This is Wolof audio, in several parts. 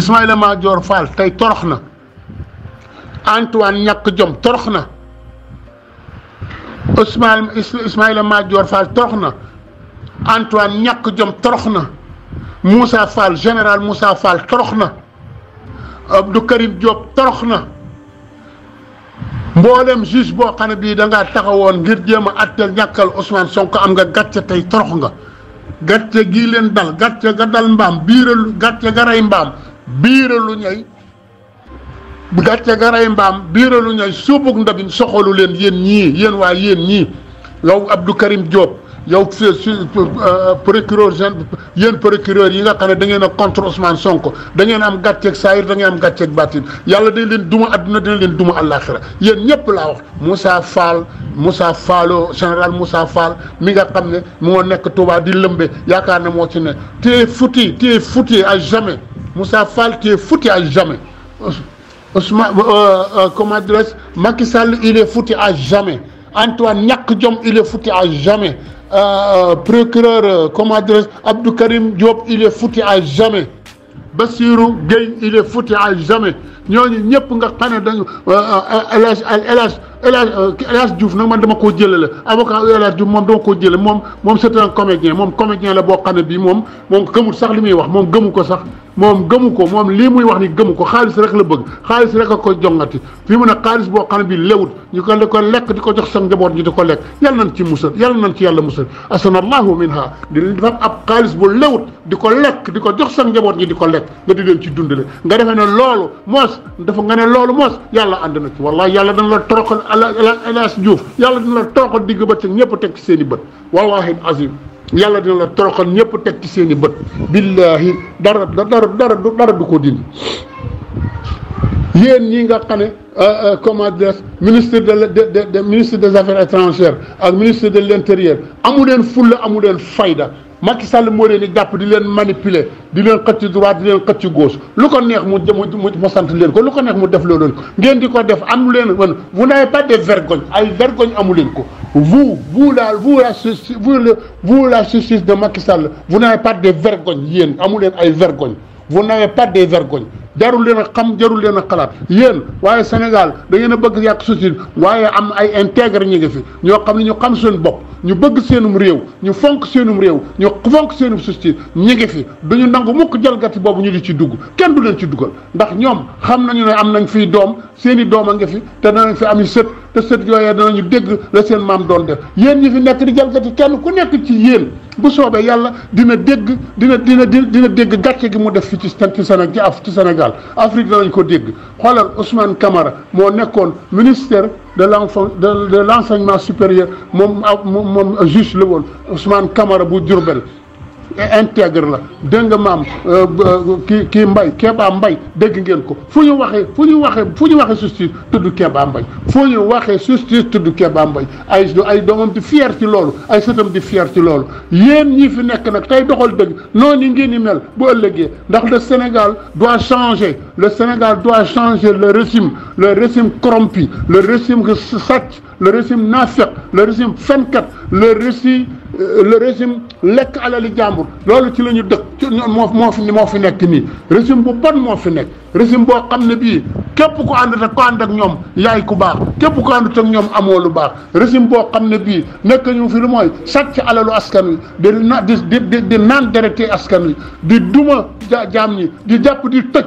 Ismaïla major Fall tey torox Antoine ñàkk jom torox ismail Ousmane Ismaïla Madior Fall torox Antoine ñàkk jom torox Moussa Fall général Moussa Fall torox na Abdou Karim Diop torox na mboolem juge boo xam ne bii da ngaa taxawoon ngir jéem a àtteel ñàkkal Ousmane Sonko am nga gàcce tey torox nga gàcce gii leen dal gàcce ga dal mbaam biiral gàcce ga rey mbaam biiralu ñay gàcce garay mbaam biiralu ñay suubug ndabin soxalu leen yéen ñii yéen waa yéen ñii yow Abdou Karim Diop yow euh, procureur yéen procureur yi nga xam ne da ngeen a contre Ousmane Sonko am gàcceeg saayir da ngeen am gàcceeg baatin yàlla day leen duma adduna dina leen duma àllaaxira yéen ñëpp laa wax Moussa Fall Moussa Fallo général Moussa Fall mi nga xam ne moo nekk Touba di lëmbe yaakaar ne moo ci ne te futi te futi à jamais Moussa Fall, tu foutu à jamais. Ousmane, euh, euh il est foutu à jamais. Antoine il est foutu à jamais. Euh, euh, procureur, comme adresse Abdou Karim Diop, il est foutu à jamais. Bassirou il est foutu à jamais. ñooñu a nga ne Diouf avocat Diouf mon c'est un comédien comédien moom gëmu ko moom lii muy wax ni gëmu ko xaalis rek la bëgg xaalis rek a ko jongati fi mu ne xaalis boo xam ne bi lewut ñu ko di ko lekk di ko jox sa njaboot ñu di ko lekk yàlla nañ ci musal yàlla nañ ci yàlla musal asanallahu minha di xaalis bu lewut di ko lekk di ko jox sa njaboot ñi di ko lekk nga di leen ci dundale nga defee ne loolu moos dafa nga ne loolu moos yàlla ànd na ci wallahi yàlla dana la toroxal ala Elhadji Diouf yàlla dana la toroxal digg bëccëg ñëpp teg seen i bët wallahi azim yàlla dina la toroxal ñëpp teg ci seen i bët billaahi dara dara dara dara du ko dindi yéen ñi nga xam ne euh, euh, comment dire ministre de de de ministre des affaires étrangères ak ministre de l' intérieur amu leen fulla amu leen fayda Macky Sall moo leen di jàpp di leen manipuler di leen xëcc droit di leen xëcc gauche lu ko neex mu mo sant len ko lu ko neex mu def loolu ngeen di ko def am len man vous n'avez pas de vergogne ay vergogne amu len ko vous vous la vous la vous le vous la justice de Macky Sall vous n'avez pas de vergogne yéen amu len ay vergogne vous n'avez pas de vergogne jarul leen a xam jarul leen a xalaat yéen waaye Sénégal da ngeen a bëgg yàq société waaye am ay intègre ñi fi ñoo xam ne ñu xam seen bopp ñu bëgg seenum réew ñu fonk seenum réew ñu fonk seenum société ñi ngi fi duñu nangu mukk jalgati boobu ñu di ci dugg kenn du leen ci dugal ndax ñoom xam nañu ne am nañ fiy doom seeni doom a nga fi te danañ fi am yu sët te sët yooya ñu dégg la seen maam doon def yéen ñi fi nekk di jalgati kenn ku nekk ci yéen bu soobee yàlla dina dégg dina dina dina dégg gàcce gi mu def fi ci ci Sénégal ci Sénégal Afrique danañ ko dégg xoolal Ousmane Camara moo nekkoon ministère de l' enfant de l' enseignement supérieur moom moom juge la woon Ousmane Camara bu Diourbel E intègre la dégg nga maam euh, euh, ki mbay Kéba mbay dégg ngeen ko fuñu waxe fuñu waxe justice mbay waxe justice mbay ay ay domam di fier ci lolu ay sotam di fier ci lolu yeen ñi fi doxal ngeen ni mel bu ndax le Sénégal doit changer le Sénégal doit changer le régime, le régime corrompu, le régime sach, le régime nafiq, le régime fenkat, le régime euh, le régime lek alali jàmbur lolou ci la ñu dëkk ci mo mo fi moo fi régime bu bon mo fi nek régime bo xamné bi bii képp ku ànd ak ku ànd ak ñoom yaay ku baax képp ko ànd ak ñom amoo lu baax régime bo xamné bi bii ñu fi lu moy sàcc alalu askan wi di na di di di naan askan di duma jam ñi di japp di tëj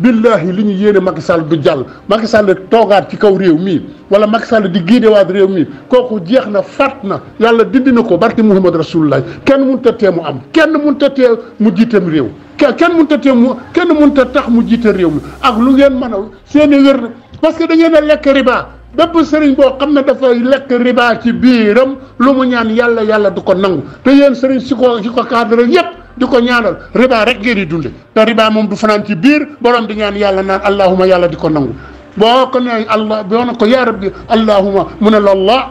billahi li ñu yéene Macky Sall du jàll Macky Sall toogaat ci kaw réew mii wala Macky Sall di giidewaat réew mii kooku jeex na fàtt na yàlla dindi na ko barki Muhammad Rasulullah kenn mun ta tee mu am kenn mun ta tee mu jiiteem réew kenn mun ta tee mu kenn mun ta tax mu jiite réew mi ak lu ngeen mën a seeni wér na parce que da ngeen a lekk riba bépp sëriñ boo xam ne dafay lekk riba ci biiram lu mu ñaan yàlla yàlla du ko nangu te yéen sëriñ si ko si ko cadre di ko ñaanal riba rek ngeen di dunde te riba moom du fanaan ci biir borom di ñaan yàlla naan allahuma yàlla di ko nangu boo ko nee allah boo na ko yaa rabbi allahuma mu ne la laa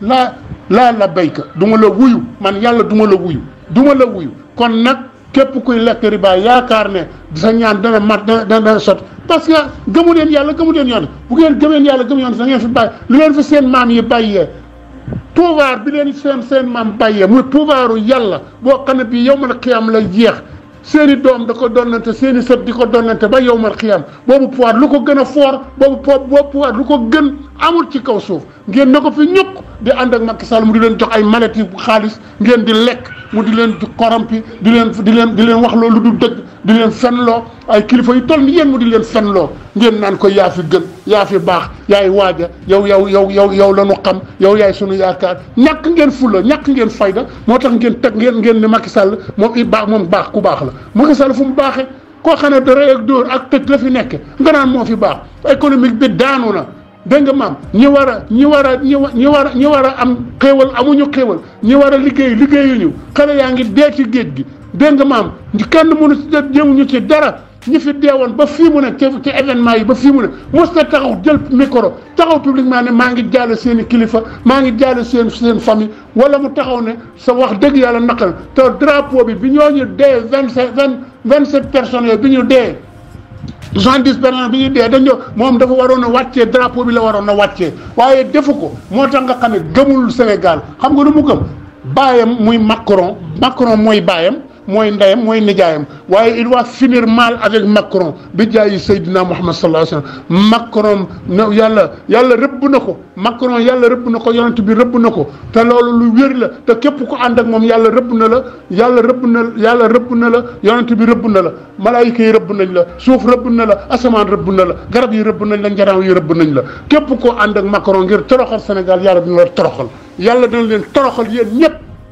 la laa labayka du ma la wuyu man yàlla duma la wuyu du ma la wuyu kon nag képp kuy lekk riba yaakaar ne sa ñaan dana mat dana dana sot parce que gëmu leen yàlla gëmu leen yoon bu ngeen gëmeen yàlla gëmu yoon da ngeen fi bàyyi lu leen fi seen maam yi bàyyee pouvoir bi leen seen seen maam bàyyee muy pouvoiru yàlla boo xam ne bii yowmal xiyaam la jeex seeni doom da ko donnante seeni set di ko donnante ba yowmal xiyaam boobu pouvoir lu ko gën a foor boobu po boobu lu ko gën amul ci kaw suuf ngeen na ko fi ñukk di ànd ak Macky Sall mu di leen jox ay mallette yu xaalis ngeen di lekk mu di leen korompi di leen di leen di leen wax loo lu dul dëgg di leen fenloo ay kilifa yu toll ni yéen mu di leen fenloo ngeen naan ko yaa fi gën yaa fi baax yaay waaja yow yow yow yow yow la nu xam yow yaay sunu yaakaar ñàkk ngeen fulla ñàkk ngeen fayda moo tax ngeen teg ngeen ngeen ne Macky Sall moom i baax moom baax ku baax la Macky Sall fu mu baaxee koo xam ne da ak dóor ak tëj la fi nekke nga moo fi baax économique bi daanu na dégg nga maam ñi war a ñi war a ñi war a ñi war a am xéewal amuñu xéewal ñi war a liggéey liggéeyuñu xale yaa ngi dee ci géej gi dégg nga maam kenn munu si jëmuñu ci dara ñi fi deewoon ba fii mu ne ci ci événement yi ba fii mu ne mos na taxaw jël micro taxaw maa ne maa ngi jaale seen i kilifa maa ngi jaale seen seen famille wala mu taxaw ne sa wax dëgg yàlla naqal to drapeau bi bi ñu dee vingt cinq vingt vingt sept personnes yooyu bi ñu dee soixante-dix personnes bi ñu dee dañu moom dafa waroon a wàccee drapeau bi la waroon a wàccee waaye defu ko moo tax nga xam gëmul Sénégal xam nga du mu gëm baayam muy Macron Macron mooy baayam mooy ndeyam mooy nijaayam waaye il va finir mal avec Macron bi jaayi Seydina Mouhamed sallallahu alayhi wa sallam Macron na yàlla yàlla rëbb na ko Macron yàlla rëbb na ko yonent bi rëbb na ko te loolu lu wér la te képp ko ànd ak moom yàlla rëbb na la yàlla rëbb na yàlla rëbb na la yonent bi rëbb na la malaayika yi rëbb nañ la suuf rëbb na la asamaan rëbb na la garab yi rëbb nañ la njaraaw yi rëbb nañ la képp ko ànd ak Macron ngir toroxal Sénégal yàlla dina la toroxal yàlla dina leen toroxal yéen ñëpp